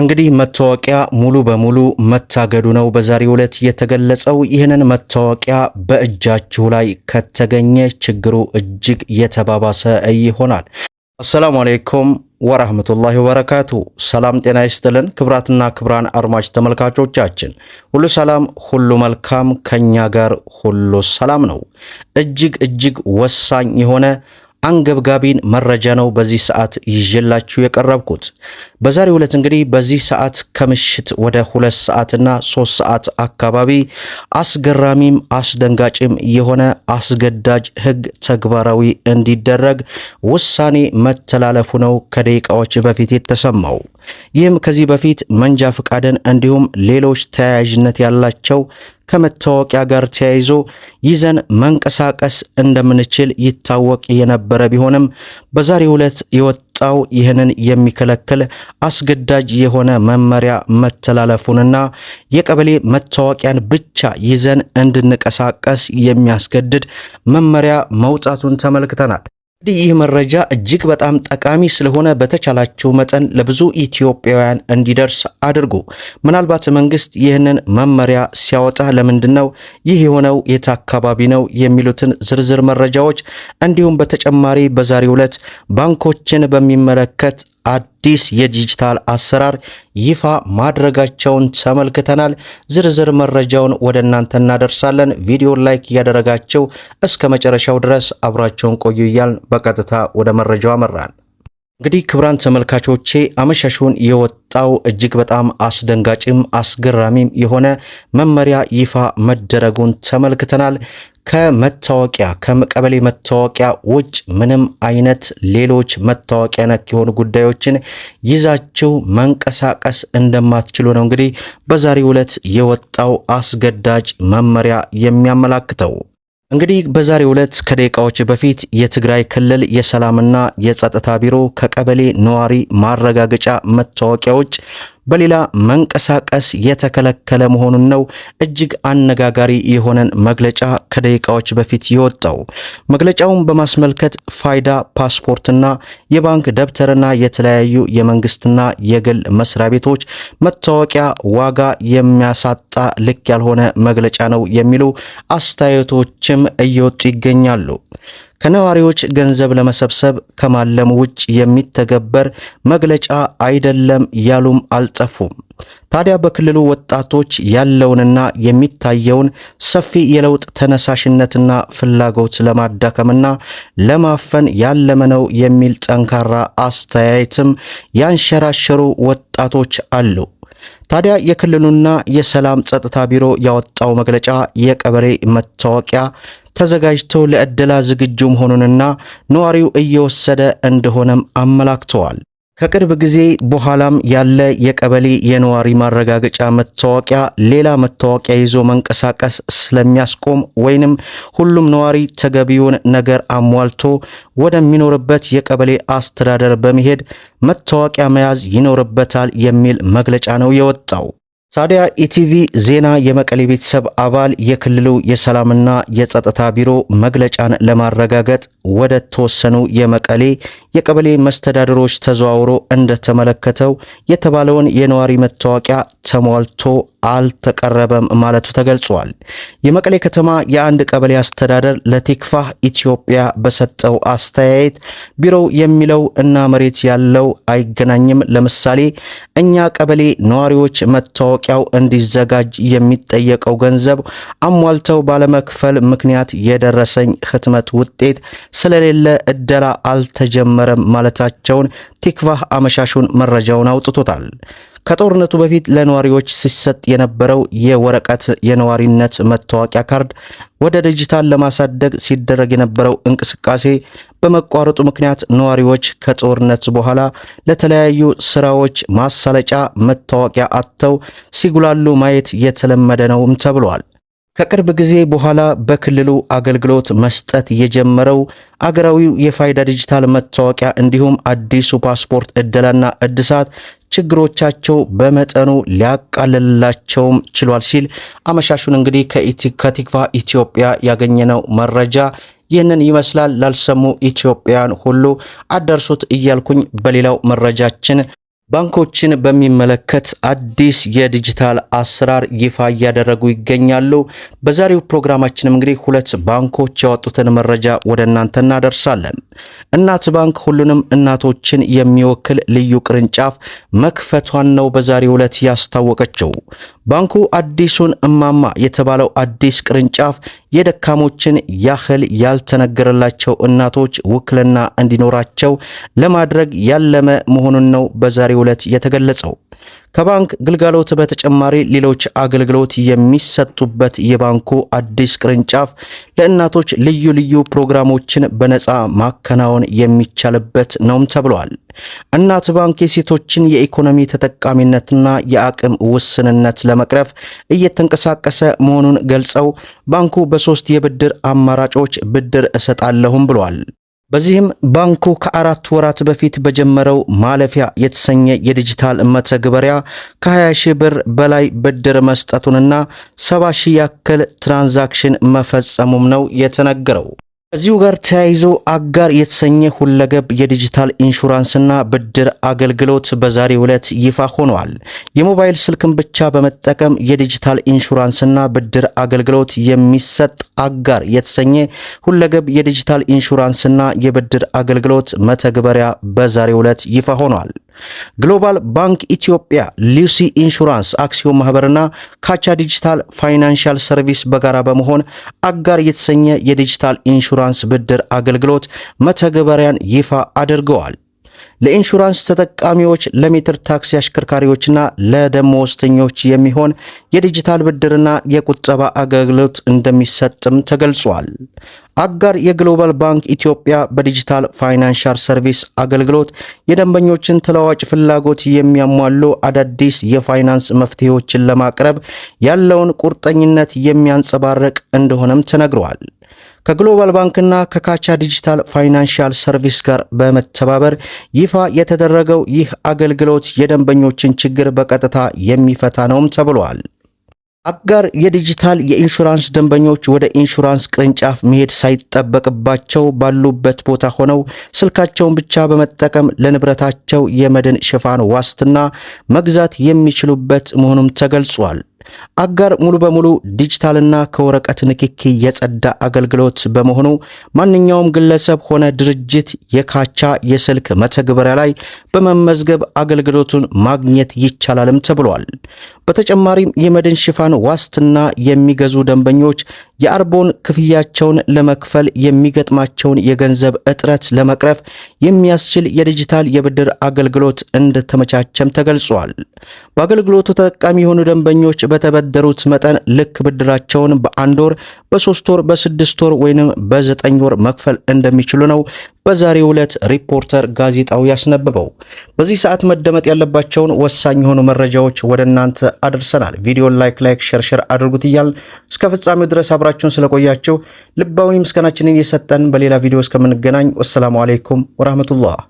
እንግዲህ መታወቂያ ሙሉ በሙሉ መታገዱ ነው በዛሬው ዕለት የተገለጸው። ይህንን መታወቂያ በእጃችሁ ላይ ከተገኘ ችግሩ እጅግ የተባባሰ ይሆናል። አሰላሙ አሌይኩም ወራህመቱላሂ ወበረካቱ። ሰላም ጤና ይስጥልን ክብራትና ክብራን አድማጭ ተመልካቾቻችን ሁሉ ሰላም ሁሉ መልካም፣ ከኛ ጋር ሁሉ ሰላም ነው። እጅግ እጅግ ወሳኝ የሆነ አንገብጋቢን መረጃ ነው በዚህ ሰዓት ይዤላችሁ የቀረብኩት። በዛሬው ዕለት እንግዲህ በዚህ ሰዓት ከምሽት ወደ ሁለት ሰዓትና ሶስት ሰዓት አካባቢ አስገራሚም አስደንጋጭም የሆነ አስገዳጅ ሕግ ተግባራዊ እንዲደረግ ውሳኔ መተላለፉ ነው ከደቂቃዎች በፊት የተሰማው። ይህም ከዚህ በፊት መንጃ ፈቃድን እንዲሁም ሌሎች ተያያዥነት ያላቸው ከመታወቂያ ጋር ተያይዞ ይዘን መንቀሳቀስ እንደምንችል ይታወቅ የነበረ ቢሆንም በዛሬው ዕለት የወጣው ይህንን የሚከለክል አስገዳጅ የሆነ መመሪያ መተላለፉንና የቀበሌ መታወቂያን ብቻ ይዘን እንድንቀሳቀስ የሚያስገድድ መመሪያ መውጣቱን ተመልክተናል። እንግዲህ ይህ መረጃ እጅግ በጣም ጠቃሚ ስለሆነ በተቻላቸው መጠን ለብዙ ኢትዮጵያውያን እንዲደርስ አድርጉ። ምናልባት መንግስት ይህንን መመሪያ ሲያወጣ ለምንድን ነው ይህ የሆነው፣ የት አካባቢ ነው የሚሉትን ዝርዝር መረጃዎች እንዲሁም በተጨማሪ በዛሬው ዕለት ባንኮችን በሚመለከት አዲስ የዲጂታል አሰራር ይፋ ማድረጋቸውን ተመልክተናል። ዝርዝር መረጃውን ወደ እናንተ እናደርሳለን። ቪዲዮ ላይክ እያደረጋቸው እስከ መጨረሻው ድረስ አብራቸውን ቆዩ እያልን በቀጥታ ወደ መረጃው አመራን። እንግዲህ ክቡራን ተመልካቾቼ አመሻሹን የወጣው እጅግ በጣም አስደንጋጭም አስገራሚም የሆነ መመሪያ ይፋ መደረጉን ተመልክተናል። ከመታወቂያ ከቀበሌ መታወቂያ ውጭ ምንም አይነት ሌሎች መታወቂያ ነክ የሆኑ ጉዳዮችን ይዛችሁ መንቀሳቀስ እንደማትችሉ ነው እንግዲህ በዛሬው ዕለት የወጣው አስገዳጅ መመሪያ የሚያመላክተው። እንግዲህ በዛሬው ዕለት ከደቂቃዎች በፊት የትግራይ ክልል የሰላምና የጸጥታ ቢሮ ከቀበሌ ነዋሪ ማረጋገጫ መታወቂያዎች በሌላ መንቀሳቀስ የተከለከለ መሆኑን ነው እጅግ አነጋጋሪ የሆነን መግለጫ ከደቂቃዎች በፊት የወጣው። መግለጫውን በማስመልከት ፋይዳ ፓስፖርትና የባንክ ደብተርና የተለያዩ የመንግስትና የግል መስሪያ ቤቶች መታወቂያ ዋጋ የሚያሳጣ ልክ ያልሆነ መግለጫ ነው የሚሉ አስተያየቶችም እየወጡ ይገኛሉ። ከነዋሪዎች ገንዘብ ለመሰብሰብ ከማለም ውጭ የሚተገበር መግለጫ አይደለም ያሉም አልጠፉም። ታዲያ በክልሉ ወጣቶች ያለውንና የሚታየውን ሰፊ የለውጥ ተነሳሽነትና ፍላጎት ለማዳከምና ለማፈን ያለመ ነው የሚል ጠንካራ አስተያየትም ያንሸራሸሩ ወጣቶች አሉ። ታዲያ የክልሉና የሰላም ጸጥታ ቢሮ ያወጣው መግለጫ የቀበሌ መታወቂያ ተዘጋጅቶ ለዕደላ ዝግጁ መሆኑንና ነዋሪው እየወሰደ እንደሆነም አመላክተዋል። ከቅርብ ጊዜ በኋላም ያለ የቀበሌ የነዋሪ ማረጋገጫ መታወቂያ ሌላ መታወቂያ ይዞ መንቀሳቀስ ስለሚያስቆም ወይንም ሁሉም ነዋሪ ተገቢውን ነገር አሟልቶ ወደሚኖርበት የቀበሌ አስተዳደር በመሄድ መታወቂያ መያዝ ይኖርበታል የሚል መግለጫ ነው የወጣው። ታዲያ ኢቲቪ ዜና የመቀሌ ቤተሰብ አባል የክልሉ የሰላምና የጸጥታ ቢሮ መግለጫን ለማረጋገጥ ወደ ተወሰኑ የመቀሌ የቀበሌ መስተዳድሮች ተዘዋውሮ እንደተመለከተው የተባለውን የነዋሪ መታወቂያ ተሟልቶ አልተቀረበም ማለቱ ተገልጿል። የመቀሌ ከተማ የአንድ ቀበሌ አስተዳደር ለቲክፋህ ኢትዮጵያ በሰጠው አስተያየት ቢሮው የሚለው እና መሬት ያለው አይገናኝም። ለምሳሌ እኛ ቀበሌ ነዋሪዎች መታወ ማስታወቂያው እንዲዘጋጅ የሚጠየቀው ገንዘብ አሟልተው ባለመክፈል ምክንያት የደረሰኝ ህትመት ውጤት ስለሌለ እደላ አልተጀመረም ማለታቸውን ቲክቫህ አመሻሹን መረጃውን አውጥቶታል። ከጦርነቱ በፊት ለነዋሪዎች ሲሰጥ የነበረው የወረቀት የነዋሪነት መታወቂያ ካርድ ወደ ዲጂታል ለማሳደግ ሲደረግ የነበረው እንቅስቃሴ በመቋረጡ ምክንያት ነዋሪዎች ከጦርነት በኋላ ለተለያዩ ስራዎች ማሳለጫ መታወቂያ አጥተው ሲጉላሉ ማየት የተለመደ ነውም ተብሏል። ከቅርብ ጊዜ በኋላ በክልሉ አገልግሎት መስጠት የጀመረው አገራዊው የፋይዳ ዲጂታል መታወቂያ እንዲሁም አዲሱ ፓስፖርት እደላና እድሳት ችግሮቻቸው በመጠኑ ሊያቃልላቸውም ችሏል ሲል አመሻሹን እንግዲህ ከቲክቫህ ኢትዮጵያ ያገኘነው መረጃ ይህንን ይመስላል። ላልሰሙ ኢትዮጵያውያን ሁሉ አደርሱት እያልኩኝ በሌላው መረጃችን ባንኮችን በሚመለከት አዲስ የዲጂታል አሰራር ይፋ እያደረጉ ይገኛሉ። በዛሬው ፕሮግራማችንም እንግዲህ ሁለት ባንኮች ያወጡትን መረጃ ወደ እናንተ እናደርሳለን። እናት ባንክ ሁሉንም እናቶችን የሚወክል ልዩ ቅርንጫፍ መክፈቷን ነው በዛሬው ዕለት ያስታወቀችው። ባንኩ አዲሱን እማማ የተባለው አዲስ ቅርንጫፍ የደካሞችን ያህል ያልተነገረላቸው እናቶች ውክልና እንዲኖራቸው ለማድረግ ያለመ መሆኑን ነው በዛሬው ዕለት የተገለጸው። ከባንክ ግልጋሎት በተጨማሪ ሌሎች አገልግሎት የሚሰጡበት የባንኩ አዲስ ቅርንጫፍ ለእናቶች ልዩ ልዩ ፕሮግራሞችን በነፃ ማከናወን የሚቻልበት ነውም ተብሏል። እናት ባንክ የሴቶችን የኢኮኖሚ ተጠቃሚነትና የአቅም ውስንነት ለመቅረፍ እየተንቀሳቀሰ መሆኑን ገልጸው ባንኩ በሶስት የብድር አማራጮች ብድር እሰጣለሁም ብሏል። በዚህም ባንኩ ከአራት ወራት በፊት በጀመረው ማለፊያ የተሰኘ የዲጂታል መተግበሪያ ከ20 ሺህ ብር በላይ ብድር መስጠቱንና 70 ሺህ ያክል ትራንዛክሽን መፈጸሙም ነው የተነገረው። ከዚሁ ጋር ተያይዞ አጋር የተሰኘ ሁለገብ የዲጂታል ኢንሹራንስና ብድር አገልግሎት በዛሬው ዕለት ይፋ ሆኗል። የሞባይል ስልክን ብቻ በመጠቀም የዲጂታል ኢንሹራንስና ብድር አገልግሎት የሚሰጥ አጋር የተሰኘ ሁለገብ የዲጂታል ኢንሹራንስና የብድር አገልግሎት መተግበሪያ በዛሬው ዕለት ይፋ ሆኗል። ግሎባል ባንክ ኢትዮጵያ፣ ሊሲ ኢንሹራንስ አክሲዮን ማህበርና ካቻ ዲጂታል ፋይናንሻል ሰርቪስ በጋራ በመሆን አጋር የተሰኘ የዲጂታል ኢንሹራንስ ብድር አገልግሎት መተግበሪያን ይፋ አድርገዋል። ለኢንሹራንስ ተጠቃሚዎች፣ ለሜትር ታክሲ አሽከርካሪዎችና ወስተኞች የሚሆን የዲጂታል ብድርና የቁጠባ አገልግሎት እንደሚሰጥም ተገልጿል። አጋር የግሎባል ባንክ ኢትዮጵያ በዲጂታል ፋይናንሻል ሰርቪስ አገልግሎት የደንበኞችን ተለዋጭ ፍላጎት የሚያሟሉ አዳዲስ የፋይናንስ መፍትሄዎችን ለማቅረብ ያለውን ቁርጠኝነት የሚያንጸባርቅ እንደሆነም ተነግሯል። ከግሎባል ባንክና ከካቻ ዲጂታል ፋይናንሻል ሰርቪስ ጋር በመተባበር ይፋ የተደረገው ይህ አገልግሎት የደንበኞችን ችግር በቀጥታ የሚፈታ ነውም ተብሏል። አጋር የዲጂታል የኢንሹራንስ ደንበኞች ወደ ኢንሹራንስ ቅርንጫፍ መሄድ ሳይጠበቅባቸው ባሉበት ቦታ ሆነው ስልካቸውን ብቻ በመጠቀም ለንብረታቸው የመድን ሽፋን ዋስትና መግዛት የሚችሉበት መሆኑም ተገልጿል። አጋር ሙሉ በሙሉ ዲጂታልና ከወረቀት ንክኪ የጸዳ አገልግሎት በመሆኑ ማንኛውም ግለሰብ ሆነ ድርጅት የካቻ የስልክ መተግበሪያ ላይ በመመዝገብ አገልግሎቱን ማግኘት ይቻላልም ተብሏል። በተጨማሪም የመድን ሽፋን ዋስትና የሚገዙ ደንበኞች የአርቦን ክፍያቸውን ለመክፈል የሚገጥማቸውን የገንዘብ እጥረት ለመቅረፍ የሚያስችል የዲጂታል የብድር አገልግሎት እንደተመቻቸም ተገልጿል። በአገልግሎቱ ተጠቃሚ የሆኑ ደንበኞች በተበደሩት መጠን ልክ ብድራቸውን በአንድ ወር፣ በሶስት ወር፣ በስድስት ወር ወይንም በዘጠኝ ወር መክፈል እንደሚችሉ ነው በዛሬው ዕለት ሪፖርተር ጋዜጣው ያስነበበው። በዚህ ሰዓት መደመጥ ያለባቸውን ወሳኝ የሆኑ መረጃዎች ወደ እናንተ አድርሰናል። ቪዲዮ ላይክ ላይክ ሸርሸር አድርጉት እያል እስከ ፍጻሜው ድረስ አብራችሁን ስለቆያችሁ ልባዊ ምስጋናችንን የሰጠን። በሌላ ቪዲዮ እስከምንገናኝ ወሰላሙ አሌይኩም ወራህመቱላህ